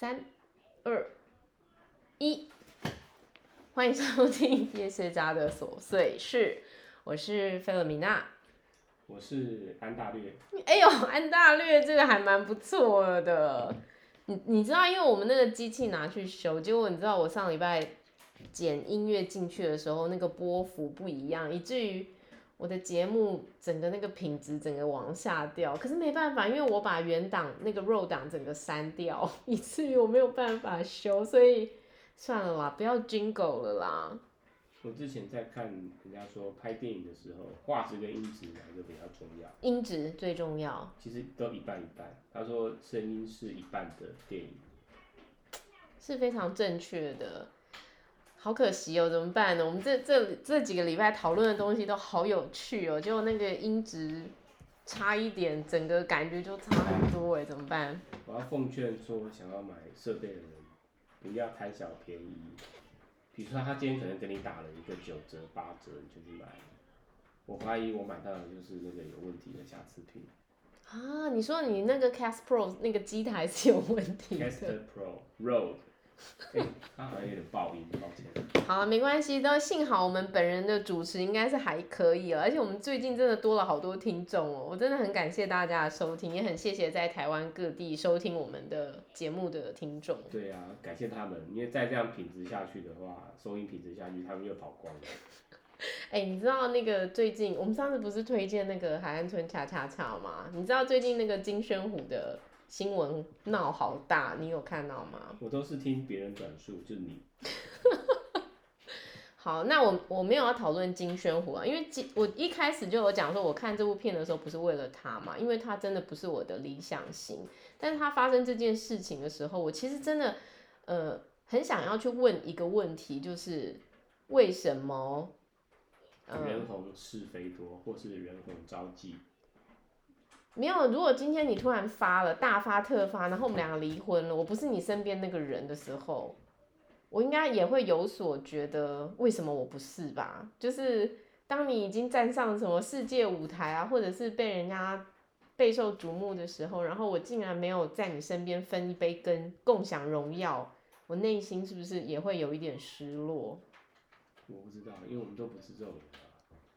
三、二、一，歡迎收聽《葉謝家的瑣碎事》是，我是菲爾米娜，我是安大略。哎呦，安大略這個還蠻不錯的。你你知道，因為我們那個機器拿去修，結果你知道，我上禮拜剪音樂進去的時候，那個波幅不一樣，以至於。我的節目整個那個品質整個往下掉，可是沒辦法，因為我把原檔那個肉檔整個刪掉，以至於我沒有辦法修，所以算了啦，不要 Jingle 了啦。我之前在看人家說拍電影的時候，畫質跟音質哪個比較重要？音質最重要。其實都一半一半。他說聲音是一半的電影，是非常正確的。好可惜哦，怎麼辦呢？我們這這這幾個禮拜討論的東西都好有趣哦，結果那個音質差一點，整個感覺就差很多哎，怎麼辦？我要奉勸說，想要買設備的人不要貪小便宜。比如說他今天可能給你打了一個九折、八折，你就去買，我懷疑我買到的就是那個有問題的瑕疵品。啊，你說你那個 Cast Pro 那個機台是有問題的？Caster Pro，Rode。哎、 欸，他好像有點爆音，抱歉。好、啊，沒關係，都幸好我們本人的主持應該是還可以哦，而且我們最近真的多了好多聽眾哦，我真的很感謝大家的收聽，也很謝謝在台灣各地收聽我們的節目的聽眾。對啊，感謝他們，因為再這樣品質下去的話，收音品質下去，他們又跑光了。哎、欸，你知道那個最近我們上次不是推薦那個海岸村恰恰恰嗎？你知道最近那個金宣虎的？新聞鬧好大，你有看到嗎？我都是聽別人轉述，就是你。 好，那我我沒有要討論金宣虎啊，因為金我一開始就有講說，我看這部片的時候不是為了他嘛，因為他真的不是我的理想型。但是他發生這件事情的時候，我其實真的呃很想要去問一個問題，就是為什麼，人、呃、紅是非多，或是人紅招忌。沒有，如果今天你突然發了大發特發，然後我們兩個離婚了，我不是你身邊那個人的時候，我應該也會有所覺得，為什麼我不是吧？就是當你已經站上什麼世界舞台啊，或者是被人家備受矚目的時候，然後我竟然沒有在你身邊分一杯羹，共享榮耀，我內心是不是也會有一點失落？我不知道，因為我們都不是這種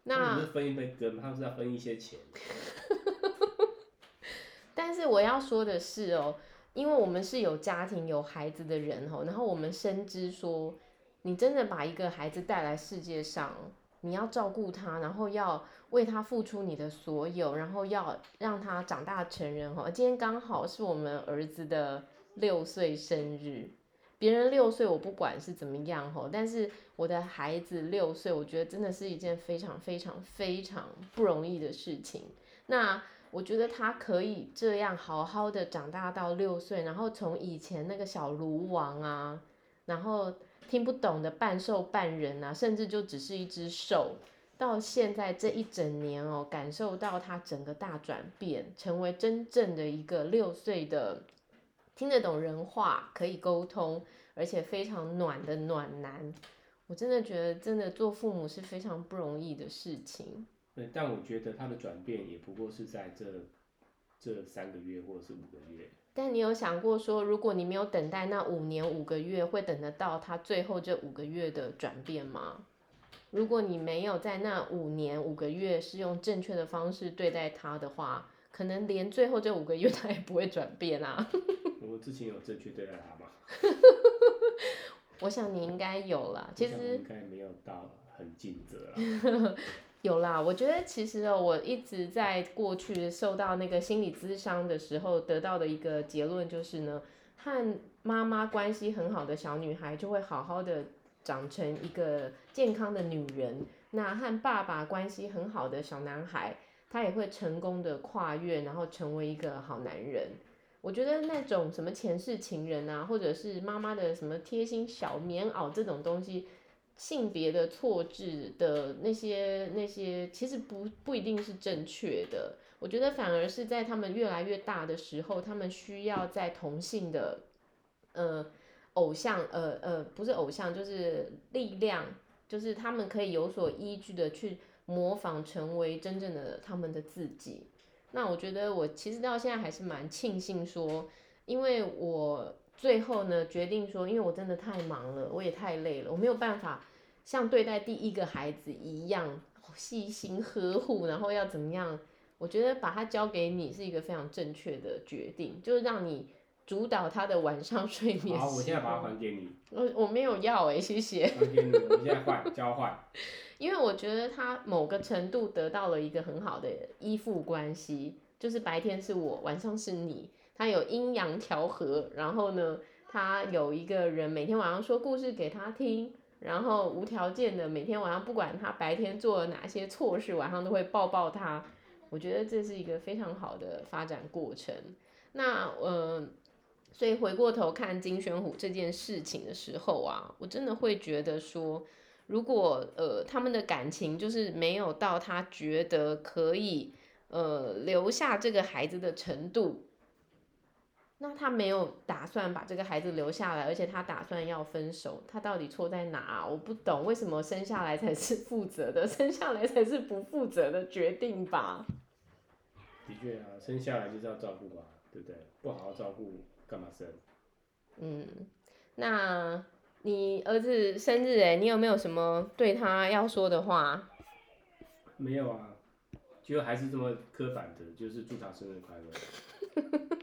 人啊，那是分一杯羹，他們是要分一些錢。 但是我要說的是哦，因為我們是有家庭、有孩子的人吼，然後我們深知說，你真的把一個孩子帶來世界上，你要照顧他，然後要為他付出你的所有，然後要讓他長大成人吼。今天剛好是我們兒子的六歲生日，別人六歲我不管是怎麼樣吼，但是我的孩子六歲，我覺得真的是一件非常非常非常不容易的事情。那。我覺得他可以這樣好好的長大到六歲，然後從以前那個小盧王啊，然後聽不懂的半獸半人啊，甚至就只是一隻獸，到現在這一整年哦，感受到他整個大轉變，成為真正的一個六歲的聽得懂人話、可以溝通，而且非常暖的暖男。我真的覺得，真的做父母是非常不容易的事情。但我覺得他的轉變也不過是在這這三個月或者是五個月。但你有想過說，如果你沒有等待那五年五個月，會等得到他最後這五個月的轉變嗎？如果你沒有在那五年五個月是用正確的方式對待他的話，可能連最後這五個月他也不會轉變啊。 我之前有正確對待他嗎？ 我想你應該有了。其實應該沒有到很盡責了。 有啦，我覺得其實哦，我一直在過去受到那個心理諮商的時候得到的一個結論就是呢，和媽媽關係很好的小女孩就會好好的長成一個健康的女人。那和爸爸關係很好的小男孩，他也會成功的跨越，然後成為一個好男人。我覺得那種什麼前世情人啊，或者是媽媽的什麼貼心小棉襖這種東西，性別的錯置的那些那些，其實不不一定是正確的。我覺得反而是在他們越來越大的時候，他們需要在同性的呃偶像呃呃，不是偶像，就是力量，就是他們可以有所依據的去模仿，成為真正的他們的自己。那我覺得我其實到現在還是蠻慶幸說，因為我。最後呢，決定說，因為我真的太忙了，我也太累了，我沒有辦法像對待第一個孩子一樣細心呵護，然後要怎麼樣？我覺得把他交給你是一個非常正確的決定，就是讓你主導他的晚上睡眠時間。好，我現在把他還給你。我，我沒有要哎、欸，謝謝。我，我現在換交換， 因為我覺得他某個程度得到了一個很好的依附關係，就是白天是我，晚上是你。他有陰陽調和，然後呢，他有一個人每天晚上說故事給他聽，然後無條件的每天晚上不管他白天做了哪些錯事，晚上都會抱抱他。我覺得這是一個非常好的發展過程。那呃，所以回過頭看金宣虎這件事情的時候啊，我真的會覺得說，如果呃他們的感情就是沒有到他覺得可以呃留下這個孩子的程度。那他沒有打算把這個孩子留下來，而且他打算要分手，他到底錯在哪啊？我不懂，為什麼生下來才是負責的，生下來才是不負責的決定吧？的確啊，生下來就是要照顧吧，對不對？不好好照顧，幹嘛生？嗯，那你兒子生日哎，你有沒有什麼對他要說的話？沒有啊，就還是這麼刻板的，就是祝他生日快樂。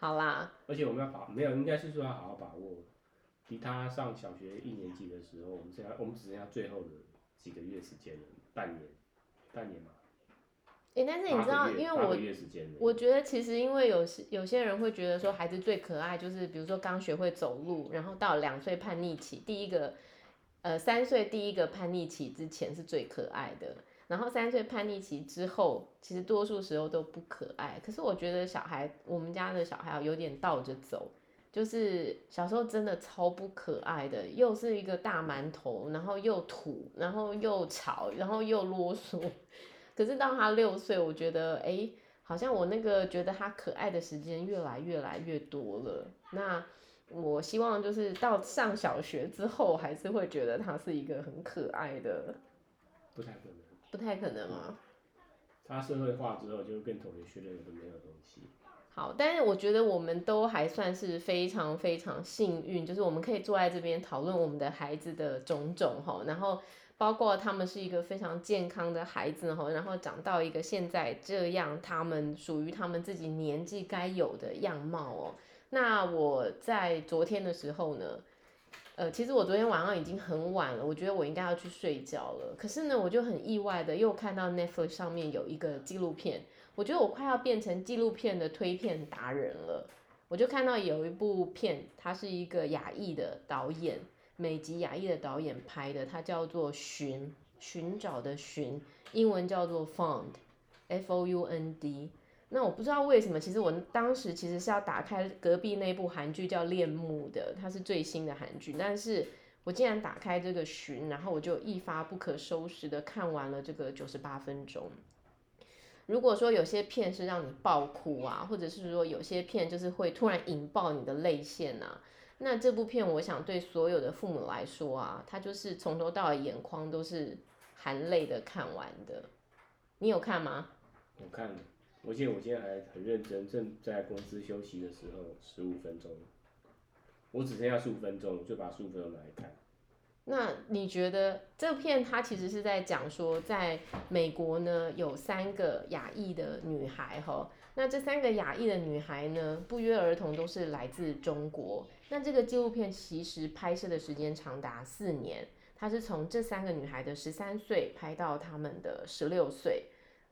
好啦，而且我們要把沒有，應該是說要好好把握。離他上小學一年級的時候，我們現在，我們只剩下最後的幾個月時間了，半年，半年嘛。哎、欸，但是你知道，因為我我覺得其實因為有些有些人會覺得說孩子最可愛就是比如說剛學會走路，然後到兩歲叛逆期，第一個，呃，三歲第一個叛逆期之前是最可愛的。然後三歲叛逆期之後，其實多數時候都不可愛。可是我覺得小孩，我們家的小孩有點倒着走，就是小時候真的超不可愛的，又是一個大饅頭，然後又土，然後又吵，然後又囉嗦。可是到他六歲，我覺得哎，好像我那個覺得他可愛的時間越來越來越多了。那我希望就是到上小學之後，還是會覺得他是一個很可愛的，不太會。不太可能啊、嗯！他社會化之後就變脫離學，肉的沒有東西。好，但是我覺得我們都還算是非常非常幸運，就是我們可以坐在這邊討論我們的孩子的種種吼，然後包括他們是一個非常健康的孩子吼，然後長到一個現在這樣，他們屬於他們自己年紀該有的樣貌哦。那我在昨天的時候呢，呃，其實我昨天晚上已經很晚了，我覺得我應該要去睡覺了。可是呢，我就很意外的又看到 Netflix 上面有一個紀錄片，我覺得我快要變成紀錄片的推片達人了。我就看到有一部片，它是一個亞裔的導演，美籍亞裔的導演拍的，它叫做尋《尋》，尋找的“尋”，英文叫做 Found，F O U N D。那我不知道為什麼，其實我當時其實是要打開隔壁那部韓劇叫《戀慕》的，它是最新的韓劇，但是我竟然打開這個尋，然後我就一發不可收拾的看完了這個九十八分鐘。如果說有些片是讓你爆哭啊，或者是說有些片就是會突然引爆你的淚腺啊，那這部片我想對所有的父母來說啊，他就是從頭到尾眼眶都是含淚的看完的。你有看嗎？我看我記得我現在還很認真，正在公司休息的時候，十五分鐘，我只剩下十五分鐘，就把十五分鐘拿來看。那你覺得這片它其實是在講說，在美國呢，有三個亞裔的女孩哈，那這三個亞裔的女孩呢，不約而同都是來自中國。那這個紀錄片其實拍攝的時間長達四年，它是從這三個女孩的十三歲拍到她們的十六歲。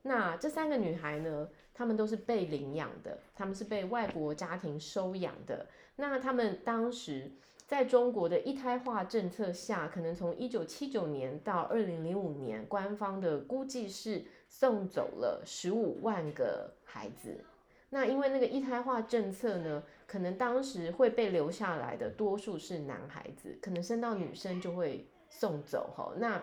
那這三個女孩呢，她們都是被領養的，她們是被外國家庭收養的。那她們當時在中國的一胎化政策下，可能從一九七九年到二零零五年，官方的估計是送走了十五萬個孩子。那因為那個一胎化政策呢，可能當時會被留下來的多數是男孩子，可能生到女生就會送走吼！那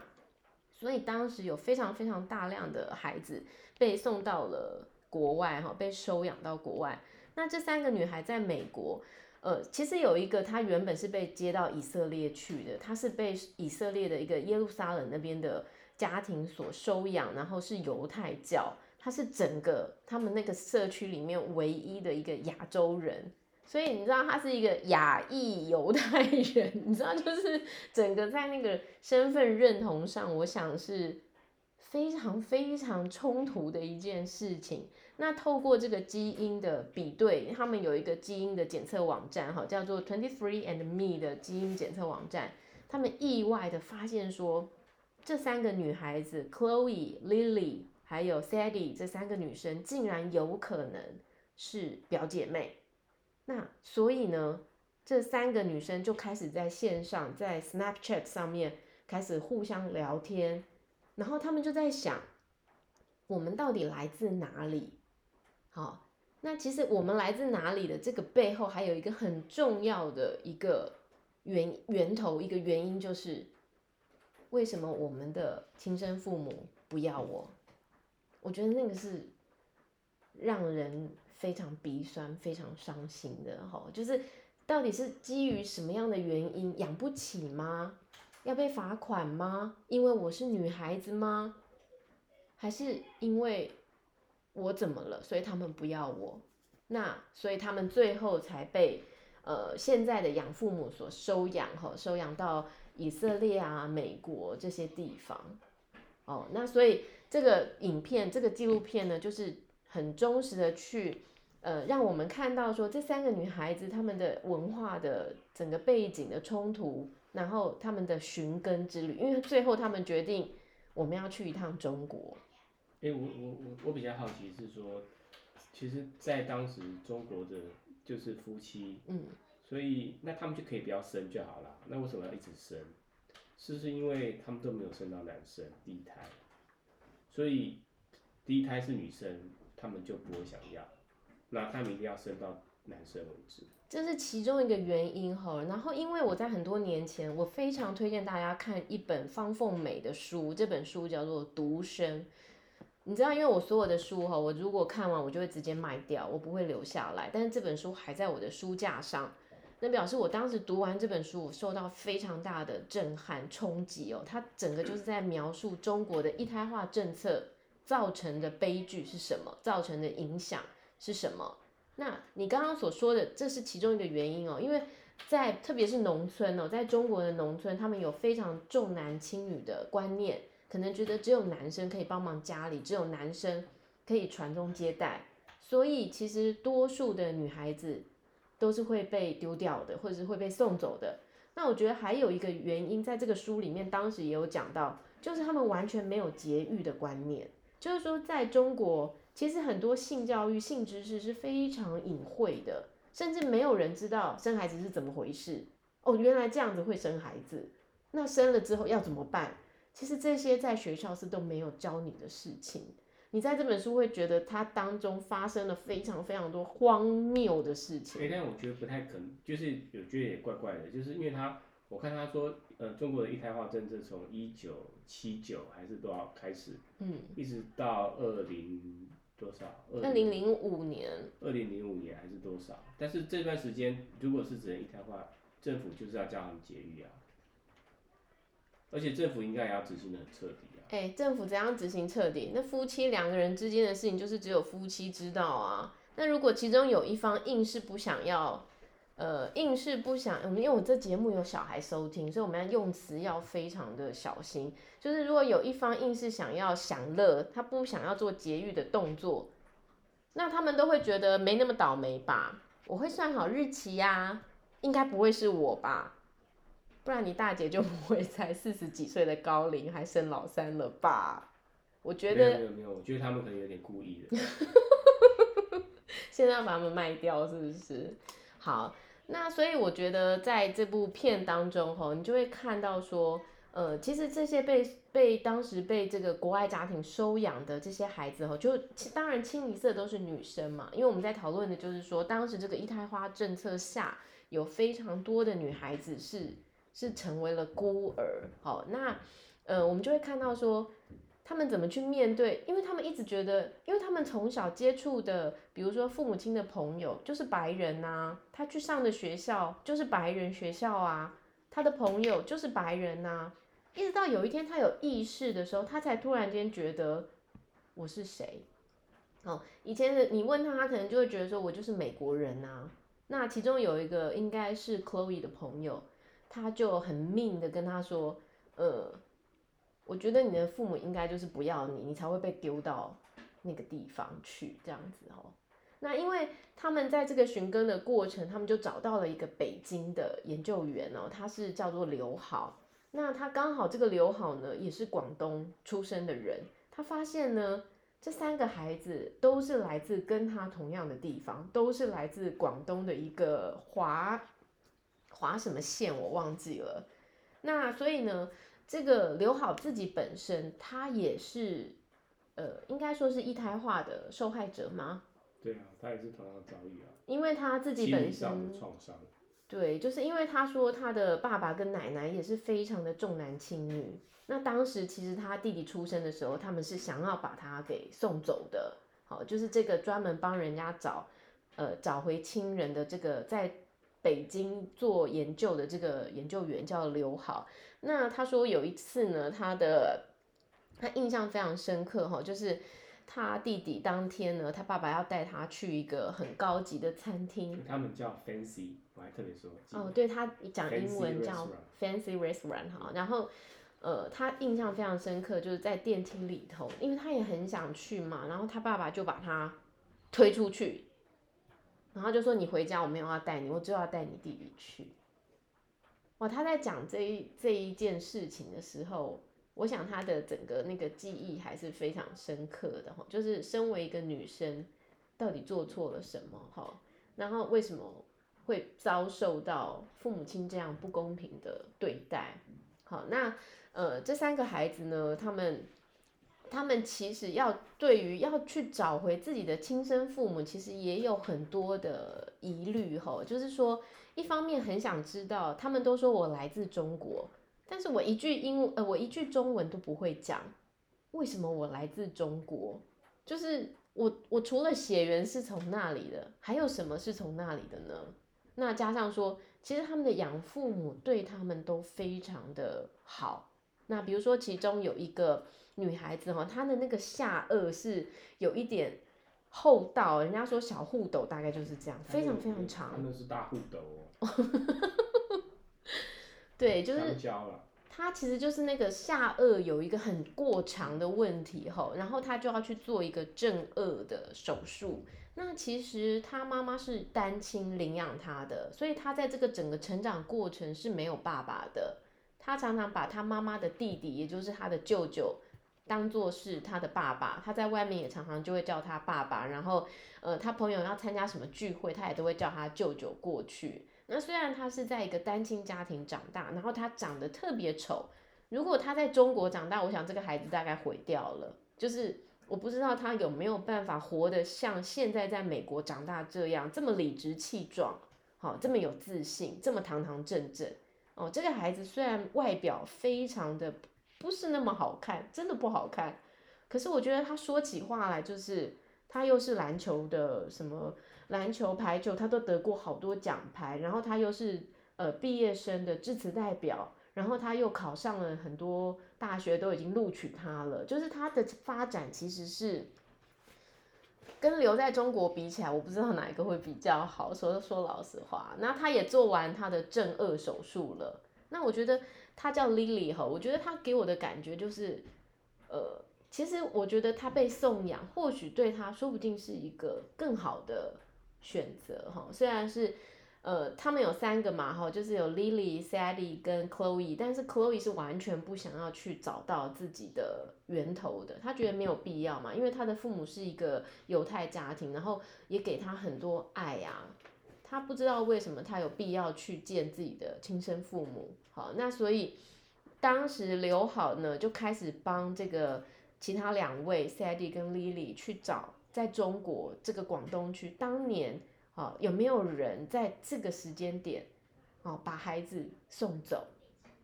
所以當時有非常非常大量的孩子被送到了國外，哈，被收養到國外。那這三個女孩在美國，呃，其實有一個她原本是被接到以色列去的，她是被以色列的一個耶路撒冷那邊的家庭所收養，然後是猶太教，她是整個他們那個社區裡面唯一的一個亞洲人。所以你知道他是一個亞裔猶太人，你知道就是整個在那個身份認同上，我想是非常非常衝突的一件事情。那透過這個基因的比對，他們有一個基因的檢測網站，哈，叫做 Twenty Three and Me 的基因檢測網站，他們意外的發現說，這三個女孩子 Chloe、Lily 還有 Sadie 這三個女生竟然有可能是表姐妹。那所以呢，這三個女生就開始在線上，在 Snapchat 上面開始互相聊天，然後他們就在想，我們到底來自哪裡？好，那其實我們來自哪裡的這個背後，還有一個很重要的一個源源頭，一個原因就是，為什麼我們的親生父母不要我？我覺得那個是讓人。非常鼻酸，非常傷心的吼、哦，就是到底是基於什麼樣的原因養不起嗎？要被罰款嗎？因為我是女孩子嗎？還是因為我怎麼了，所以他們不要我？那所以他們最後才被呃現在的養父母所收養吼、哦，收養到以色列啊、美國這些地方。哦，那所以這個影片、這個紀錄片呢，就是。很忠實的去，呃，讓我們看到說，這三個女孩子她們的文化的整個背景的衝突，然後她們的尋根之旅。因為最後他們決定我們要去一趟中國。哎、欸，我我我我比較好奇是說，其實在當時中國的就是夫妻，嗯，所以那他們就可以不要生就好了。那為什麼要一直生？是不是因為他們都沒有生到男生，第一胎，所以第一胎是女生。他們就不會想要，那他們一定要生到男生為止，這是其中一個原因哈。然後，因為我在很多年前，我非常推薦大家看一本方鳳美的書，這本書叫做《獨生》。你知道，因為我所有的書哈，我如果看完，我就會直接賣掉，我不會留下來。但是這本書還在我的書架上，那表示我當時讀完這本書，我受到非常大的震撼衝擊哦。它整個就是在描述中國的一胎化政策。造成的悲劇是什麼？造成的影響是什麼？那你剛剛所說的，這是其中一個原因哦。因為在特別是農村哦，在中國的農村，他們有非常重男輕女的觀念，可能覺得只有男生可以幫忙家裡，只有男生可以傳宗接代，所以其實多數的女孩子都是會被丟掉的，或者是會被送走的。那我覺得還有一個原因，在這個書裡面當時也有講到，就是他們完全沒有節育的觀念。就是說，在中國，其實很多性教育、性知識是非常隱晦的，甚至沒有人知道生孩子是怎麼回事。哦，原來這樣子會生孩子，那生了之後要怎麼辦？其實這些在學校是都沒有教你的事情。你在這本書會覺得，它當中發生了非常非常多荒謬的事情。但，欸，我覺得不太可能，就是有覺得也怪怪的，就是因為它。我看他說，呃，中國的一胎化政策從一九七九還是多少開始，嗯，一直到二零多少？二零零五年。二零零五年還是多少？但是這段時間，如果是只能一胎化，政府就是要叫他們節育啊，而且政府應該也要執行得很徹底啊。哎、欸，政府怎樣執行徹底？那夫妻兩個人之間的事情就是只有夫妻知道啊。那如果其中有一方硬是不想要？呃，硬是不想，我們因為我這節目有小孩收聽，所以我們要用詞要非常的小心。就是如果有一方硬是想要享樂，他不想要做節育的動作，那他們都會覺得沒那麼倒霉吧？我會算好日期呀，啊，應該不會是我吧？不然你大姐就不會才四十幾歲的高齡還生老三了吧？我覺得沒有，沒有沒有，我覺得他們可能有點故意的。 現在要把他們賣掉是不是？好。那所以我覺得，在這部片當中，吼，你就會看到說，呃，其實這些被被當時被這個國外家庭收養的這些孩子，吼，就當然清一色都是女生嘛，因為我們在討論的就是說，當時這個一胎化政策下，有非常多的女孩子是是成為了孤兒，好，那呃，我們就會看到說。他們怎麼去面對？因為他們一直覺得，因為他們從小接觸的，比如說父母親的朋友就是白人吶、啊，他去上的學校就是白人學校啊，他的朋友就是白人吶、啊。一直到有一天他有意識的時候，他才突然間覺得我是誰。哦，以前的你問他，他可能就會覺得說我就是美國人吶、啊。那其中有一個應該是 Chloe 的朋友，他就很 mean 的跟他說，呃。我覺得你的父母應該就是不要你，你才會被丟到那個地方去這樣子哦。那因為他們在這個尋根的過程，他們就找到了一個北京的研究員哦，他是叫做劉好。那他剛好這個劉好呢，也是廣東出生的人。他發現呢，這三個孩子都是來自跟他同樣的地方，都是來自廣東的一個華華什麼縣，我忘記了。那所以呢，這個劉好自己本身，他也是，呃，應該說是一胎化的受害者嗎？對啊，他也是同樣遭遇啊。因為他自己本身，心理上的創傷。對，就是因為他說他的爸爸跟奶奶也是非常的重男輕女。那當時其實他弟弟出生的時候，他們是想要把他給送走的。好、哦，就是這個專門幫人家找呃，找回親人的這個在北京做研究的這個研究員叫劉好。那他說有一次呢，他的他印象非常深刻哈、哦，就是他弟弟當天呢，他爸爸要帶他去一個很高級的餐廳，他們叫 fancy，我還特別說哦，對他講英文 fancy 叫 fancy restaurant 哈、哦，然後呃，他印象非常深刻，就是在電梯裡頭，因為他也很想去嘛，然後他爸爸就把他推出去，然後就說，你回家，我沒有要帶你，我只有要帶你弟弟去。哦，他在講這一這一件事情的時候，我想他的整個那個記憶還是非常深刻的，哦，就是身為一個女生，到底做錯了什麼哈，哦，然後為什麼會遭受到父母親這樣不公平的對待？好，嗯哦，那呃這三個孩子呢，他們。他們其實要對於要去找回自己的親生父母，其實也有很多的疑慮哈。就是說，一方面很想知道，他們都說我來自中國，但是我一句英文呃，我一句中文都不會講，為什麼我來自中國？就是我我除了血緣是從那裡的，還有什麼是從那裡的呢？那加上說，其實他們的養父母對他們都非常的好。那比如說，其中有一個女孩子哈、喔，她的那個下顎是有一點戽斗，人家說小戽斗大概就是這樣，那個、非常非常長，真的是大戽斗哦、喔。 對，就是她其實就是那個下顎有一個很過長的問題哈、喔，然後她就要去做一個正顎的手術。那其實她媽媽是單親領養她的，所以她在這個整個成長過程是沒有爸爸的。他常常把他媽媽的弟弟，也就是他的舅舅，當作是他的爸爸。他在外面也常常就會叫他爸爸。然後，呃，他朋友要參加什麼聚會，他也都會叫他舅舅過去。那雖然他是在一個單親家庭長大，然後他長得特別醜。如果他在中國長大，我想這個孩子大概毀掉了。就是我不知道他有沒有辦法活得像現在在美國長大這樣，這麼理直氣壯，好，這麼有自信，這麼堂堂正正。哦，這個孩子雖然外表非常的不是那麼好看，真的不好看，可是我覺得他說起話來就是他又是籃球的什麼籃球排球，他都得過好多獎牌，然後他又是呃畢業生的致辭代表，然後他又考上了很多大學，都已經錄取他了，就是他的發展其實是。跟留在中國比起來，我不知道哪一個會比較好說。所以說老實話，那他也做完他的正顎手術了。那我覺得他叫 Lily 哈，我覺得他給我的感覺就是，呃，其實我覺得他被送養或許對他說不定是一個更好的選擇哈，雖然是。呃，他們有三個嘛，哈，就是有 Lily、Sadie 跟 Chloe，但是 Chloe 是完全不想要去找到自己的源頭的，他覺得沒有必要嘛，因為他的父母是一個猶太家庭，然後也給他很多愛啊，他不知道為什麼他有必要去見自己的親生父母。好，那所以當時劉好呢就開始幫這個其他兩位 Sadie 跟 Lily 去找，在中國這個廣東區當年，好、哦，有沒有人在這個時間點，哦，把孩子送走？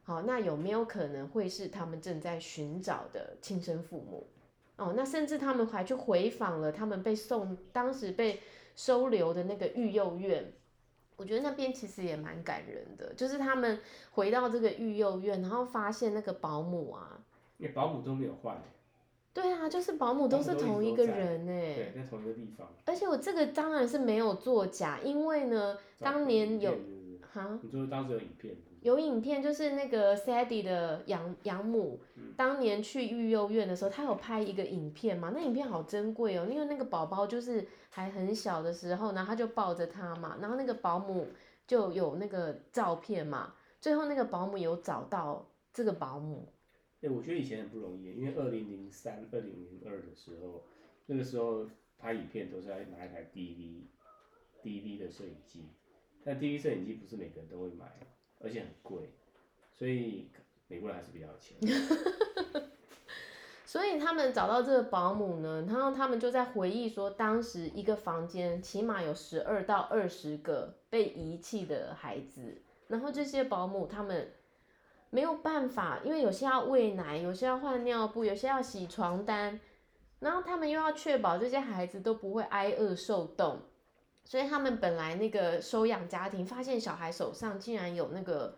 好、哦，那有沒有可能會是他們正在尋找的親生父母？哦，那甚至他們還去回訪了他們被送、當時被收留的那個育幼院。我覺得那邊其實也蠻感人的，就是他們回到這個育幼院，然後發現那個保姆啊，也、欸、保姆都沒有換。對啊，就是保姆都是同一個人哎，對，在同一個地方。而且我這個當然是沒有作假，因為呢，當年有哈，就是當時有影片，有影片是是，有影片，就是那個 Sadie 的養養母，當年去育幼院的時候，她有拍一個影片嘛，那影片好珍貴哦、喔，因為那個寶寶就是還很小的時候呢，她就抱着她嘛，然後那個保姆就有那個照片嘛，最後那個保姆有找到這個保姆。我覺得以前很不容易，因為二零零三、二零零二的時候，那個時候拍影片都是要拿一台 D V D V 的攝影機，但 D V 攝影機不是每個人都會買，而且很貴，所以美國人還是比較有錢。 所以他們找到這個保姆呢，然後他們就在回憶說，當時一個房間起碼有十二到二十個被遺棄的孩子，然後這些保姆他們。沒有辦法，因為有些要餵奶，有些要換尿布，有些要洗床單，然後他們又要確保這些孩子都不會挨餓受凍，所以他們本來那個收養家庭發現小孩手上竟然有那個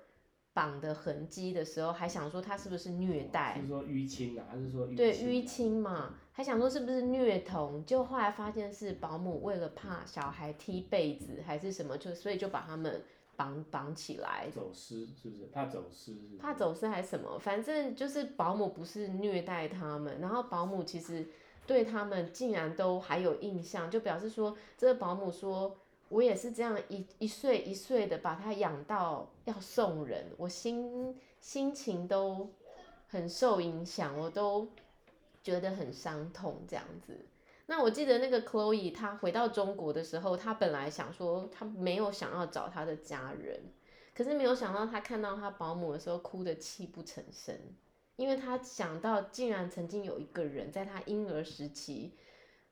綁的痕跡的時候，還想說他是不是虐待，就、哦、是說淤青啊，還是說對淤青嘛，還想說是不是虐童，就後來發現是保姆為了怕小孩踢被子還是什麼，就所以就把他們綁綁起來，走失，是不是？怕走失，是是怕走失還是什麼？反正就是保姆不是虐待他們，然後保姆其實對他們竟然都還有印象，就表示說，這個保姆說，我也是這樣一一歲一歲的把他養到要送人，我心心情都很受影響，我都覺得很傷痛這樣子。那我記得那個 Chloe，她回到中國的時候，她本來想說她沒有想要找她的家人，可是沒有想到她看到她保姆的時候，哭得泣不成聲，因為她想到竟然曾經有一個人在她嬰兒時期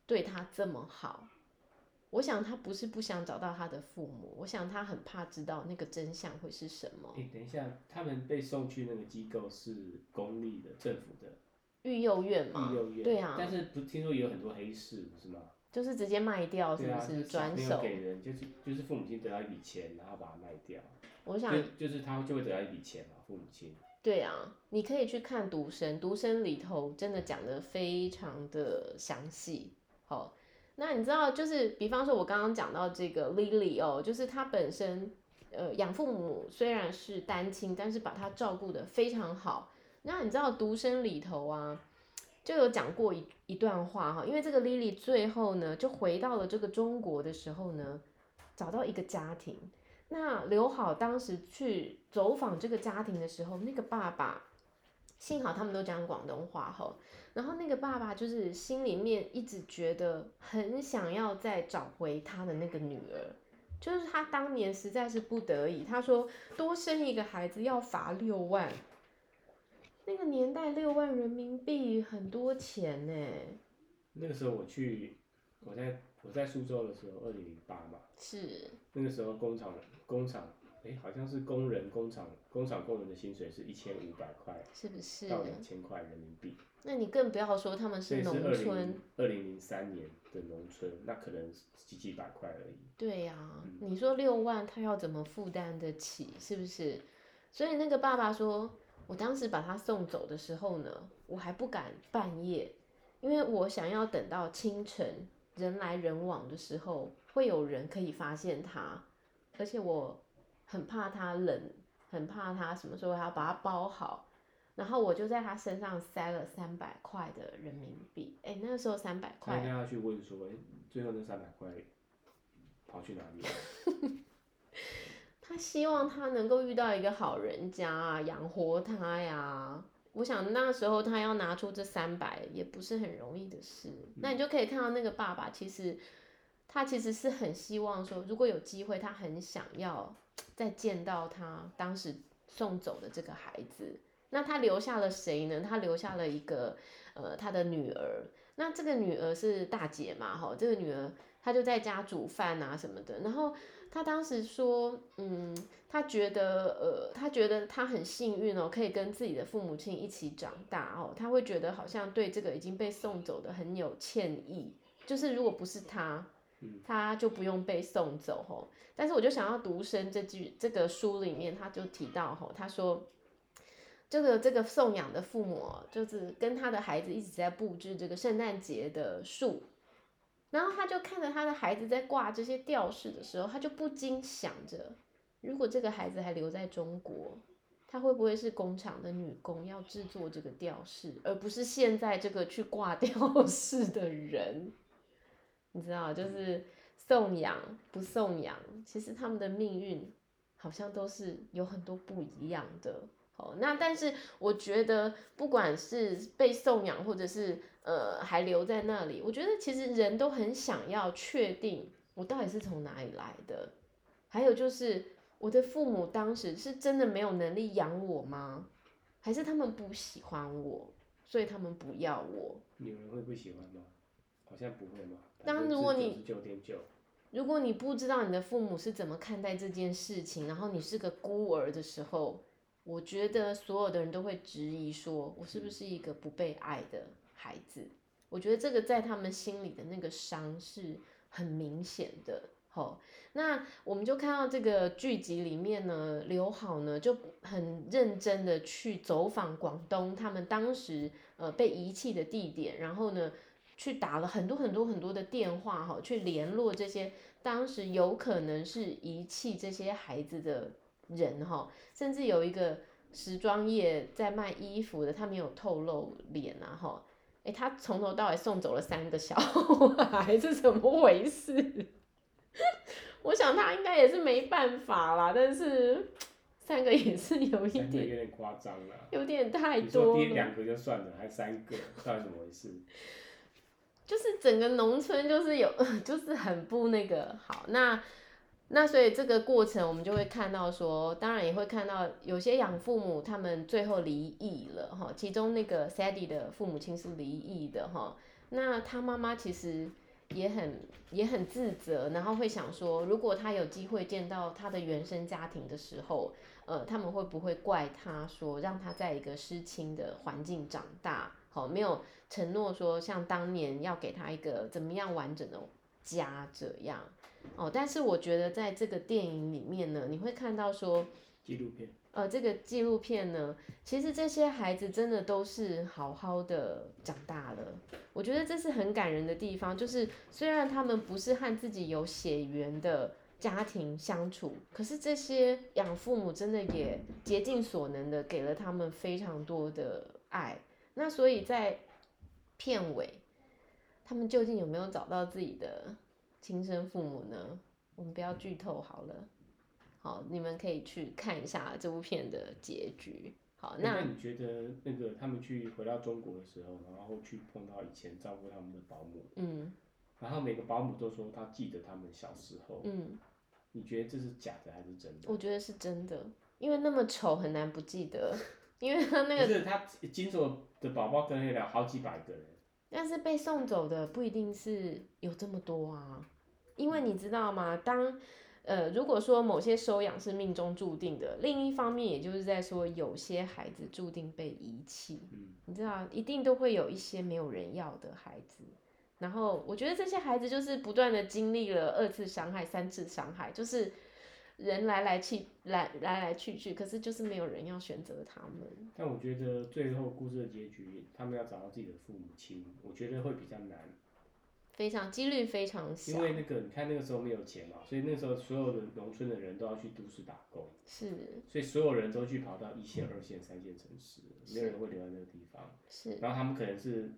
對她這麼好。我想她不是不想找到她的父母，我想她很怕知道那個真相會是什麼。欸，等一下，他們被送去那個機構是公立的，政府的。育幼院嘛，育幼院，對啊，但是不聽說也有很多黑市，不是嗎？就是直接賣掉，是不是？轉、啊、手給人，就是就是父母親得到一筆錢，然後把它賣掉。我想就，就是他就會得到一筆錢嘛，父母親。對啊，你可以去看《獨生》，《獨生》裡頭真的講得非常的詳細。好，那你知道，就是比方說，我剛剛講到這個 Lily 哦，就是她本身呃養父母雖然是單親，但是把她照顧得非常好。那你知道獨生裡頭啊，就有講過一一段話哈，因為這個 Lily 最後呢，就回到了這個中國的時候呢，找到一個家庭。那劉好當時去走訪這個家庭的時候，那個爸爸，幸好他們都講廣東話哈，然後那個爸爸就是心裡面一直覺得很想要再找回他的那個女兒，就是他當年實在是不得已，他說多生一個孩子要罰六萬。那個年代六萬人民幣很多錢呢。那個時候我去，我在我在蘇州的時候，二零零八嘛，是。那個時候工廠工廠，哎、欸，好像是工人工廠工廠工人的薪水是一千五百塊，是不是？到兩千塊人民幣。那你更不要說他們是農村，二零零三年的農村，那可能幾幾百塊而已。對呀、啊嗯，你說六萬，他要怎麼負擔得起？是不是？所以那個爸爸說。我當時把他送走的時候呢，我還不敢半夜，因為我想要等到清晨人來人往的時候，會有人可以發現他，而且我很怕他冷，很怕他什麼時候，還要把他包好，然後我就在他身上塞了三百塊的人民幣，哎、欸，那個時候三百塊。他應該要去問說，欸、最後那三百塊跑去哪裡？ 他希望他能夠遇到一個好人家啊，養活他呀、啊。我想那時候他要拿出這三百也不是很容易的事、嗯。那你就可以看到那個爸爸，其實他其實是很希望說，如果有機會，他很想要再見到他當時送走的這個孩子。那他留下了誰呢？他留下了一個。呃，他的女兒，那這個女兒是大姐嘛？吼、哦，這個女兒她就在家煮飯啊什麼的。然後她當時說，嗯，她覺得，呃，她覺得她很幸運哦，可以跟自己的父母親一起長大哦。她會覺得好像對這個已經被送走的很有歉意，就是如果不是她，她就不用被送走吼、哦。但是我就想要獨生這句，這個書裡面她就提到吼、哦，她說。這個這個送養的父母，就是跟他的孩子一直在布置這個聖誕節的樹，然後他就看着他的孩子在掛這些吊飾的時候，他就不禁想着：如果這個孩子還留在中國，他會不會是工廠的女工要製作這個吊飾，而不是現在這個去掛吊飾的人？你知道，就是送養不送養，其實他們的命運好像都是有很多不一樣的。那但是我覺得，不管是被送養，或者是呃還留在那裡，我覺得其實人都很想要確定我到底是從哪裡來的，還有就是我的父母當時是真的沒有能力養我嗎？還是他們不喜歡我，所以他們不要我？有人會不喜歡嗎？好像不會嗎？當如果你九十九點九，如果你不知道你的父母是怎麼看待這件事情，然後你是個孤兒的時候。我覺得所有的人都會質疑，說我是不是一個不被愛的孩子？我覺得這個在他們心裡的那個傷是很明顯的。好，那我們就看到這個劇集裡面呢，劉好呢就很認真的去走訪廣東，他們當時呃被遺棄的地點，然後呢去打了很多很多很多的電話，哈，去聯絡這些當時有可能是遺棄這些孩子的。人哈，甚至有一個時裝業在賣衣服的，他沒有透露臉然哈，哎、欸，他從頭到尾送走了三個小孩，是怎麼回事？ 我想他應該也是沒辦法啦，但是三個也是有一點有點誇張了，有點太多了，第兩個就算了，還三個，到底怎麼回事？ 就是整個農村就是有，就是很不那個好那。那所以這個過程，我們就會看到說，當然也會看到有些養父母他們最後離異了哈。其中那個 Sadie 的父母親是離異的哈。那他媽媽其實也很也很自責，然後會想說，如果他有機會見到他的原生家庭的時候，呃，他們會不會怪他說，讓他在一個失親的環境長大，好，沒有承諾說像當年要給他一個怎麼樣完整的家這樣。哦，但是我覺得在這個電影裡面呢，你會看到說，紀錄片，呃，這個紀錄片呢，其實這些孩子真的都是好好的長大了，我覺得這是很感人的地方，就是雖然他們不是和自己有血緣的家庭相處，可是這些養父母真的也竭盡所能的給了他們非常多的愛，那所以在片尾，他們究竟有沒有找到自己的？親生父母呢？我們不要劇透好了。好，你們可以去看一下這部片的結局。好，那你覺得那個他們去回到中國的時候，然後去碰到以前照顧他們的保姆，嗯，然後每個保姆都說他記得他們小時候，嗯，你覺得這是假的還是真的？我覺得是真的，因為那麼醜很難不記得，因為他那個是他經手的寶寶跟那了好幾百個人，但是被送走的不一定是有這麼多啊。因為你知道嗎？當，呃，如果說某些收養是命中注定的，另一方面，也就是在說有些孩子注定被遺棄。嗯，你知道，一定都會有一些沒有人要的孩子。然後，我覺得這些孩子就是不斷的經歷了二次傷害、三次傷害，就是人來來去來來來去去，可是就是沒有人要選擇他們。但我覺得最後故事的結局，他們要找到自己的父母親，我覺得會比較難。非常幾率非常小，因為那個你看那個時候沒有錢嘛，所以那個時候所有的農村的人都要去都市打工，是，所以所有人都去跑到一線、二線、三線城市，沒有人會留在那個地方，是。然後他們可能是，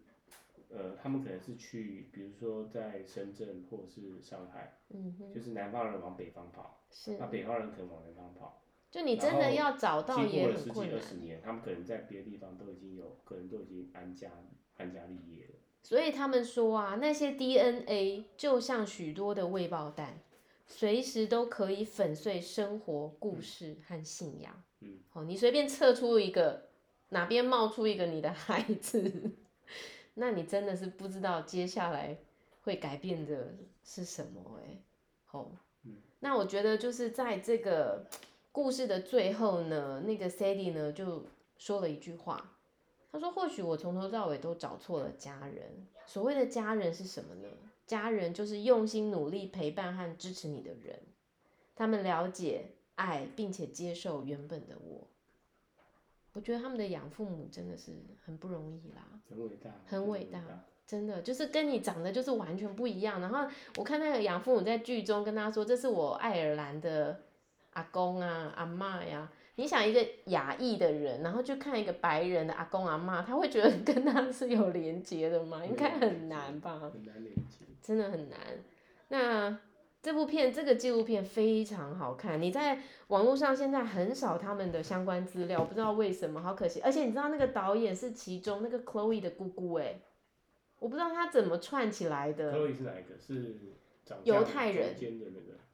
呃，他們可能是去，比如說在深圳或者是上海，嗯哼，就是南方人往北方跑，是。那北方人可能往南方跑，就你真的要找到也很困難。然後經過了十幾二十年，他們可能在別的地方都已經有，可能都已經安家安家立業了。所以他們說啊，那些 DNA 就像許多的未爆彈，隨時都可以粉碎生活、故事和信仰。嗯。哦，你隨便測出一個，哪邊冒出一個你的孩子， 那你真的是不知道接下來會改變的是什麼誒、欸，哦、嗯，那我覺得就是在這個故事的最後呢，那個 Sadie 呢就說了一句話。他說：“或許我從頭到尾都找錯了家人。所謂的家人是什麼呢？家人就是用心、努力陪伴和支持你的人，他們了解、愛，並且接受原本的我。我覺得他們的養父母真的是很不容易啦，很偉大，很偉大，真的就是跟你長得就是完全不一樣。然後我看那個養父母在劇中跟他說：‘這是我愛爾蘭的阿公啊、阿嬤呀。’”你想一個亞裔的人，然後去看一個白人的阿公阿媽，他會覺得跟他是有連接的嗎？應該很難吧，很難連接，真的很難。那這部片這個紀錄片非常好看，你在網絡上現在很少他們的相關資料，我不知道為什麼，好可惜。而且你知道那個導演是其中那個 Chloe 的姑姑誒、欸，我不知道他怎麼串起來的。Chloe 是哪一個？是。猶太人，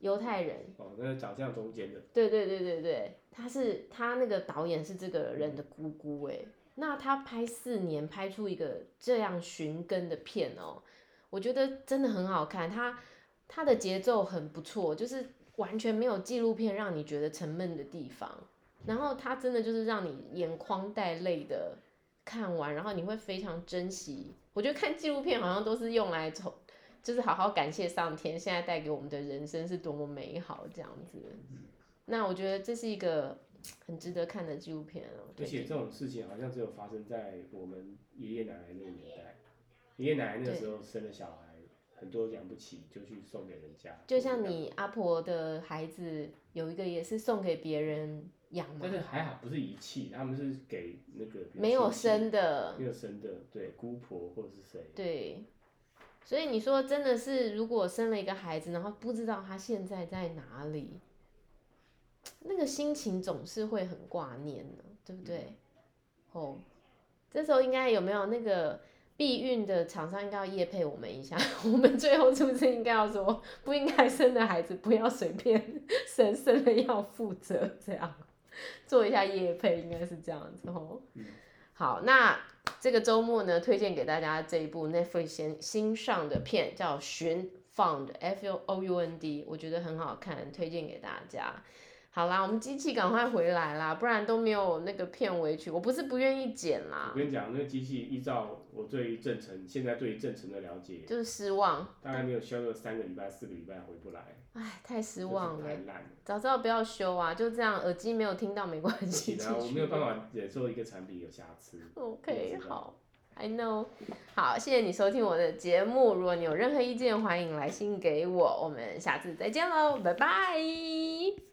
猶太人哦，那個長相中間的，對對對對對，他是他那個導演是這個人的姑姑哎，嗯，那他拍四年拍出一個這樣尋根的片哦，我覺得真的很好看，他他的節奏很不錯，就是完全沒有紀錄片讓你覺得沉悶的地方，然後他真的就是讓你眼眶帶淚的看完，然後你會非常珍惜，我覺得看紀錄片好像都是用來就是好好感謝上天，現在帶給我們的人生是多麼美好，這樣子、嗯。那我覺得這是一個很值得看的紀錄片哦、喔。而且這種事情好像只有發生在我們爺爺奶奶那個年代，爺爺奶奶那個時候生了小孩，很多養不起就去送給人家。就像你阿婆的孩子有一個也是送給別人養嘛？但是還好不是遺棄，他們是給那個沒有生的，沒有生的，那個、生的對姑婆或是誰？對。所以你說真的是，如果生了一個孩子，然後不知道他現在在哪裡，那個心情總是會很掛念呢、啊，對不對、嗯？哦，這時候應該有沒有那個避孕的廠商應該要業配我們一下？ 我們最後是不是應該要說，不應該生的孩子不要隨便生，生了要負責，這樣做一下業配應該是這樣子哦、嗯。好，那。這個周末呢，推薦給大家這一部 Netflix 新新上的片，叫《尋 Found》F O O U N D，我覺得很好看，推薦給大家。好啦，我們機器趕快回來啦，不然都沒有那個片尾曲。我不是不願意剪啦。我跟你講，那個機器依照我對於鄭晨現在對於鄭晨的了解，就是失望。大概沒有休個，三個禮拜、四個禮拜回不來。唉，太失望了，就是，早知道不要修啊！就這樣，耳機沒有聽到沒關係。我沒有辦法忍受一個產品有瑕疵。OK，好，I know。好，謝謝你收聽我的節目。 如果你有任何意見，歡迎來信給我。我們下次再見嘍，拜拜。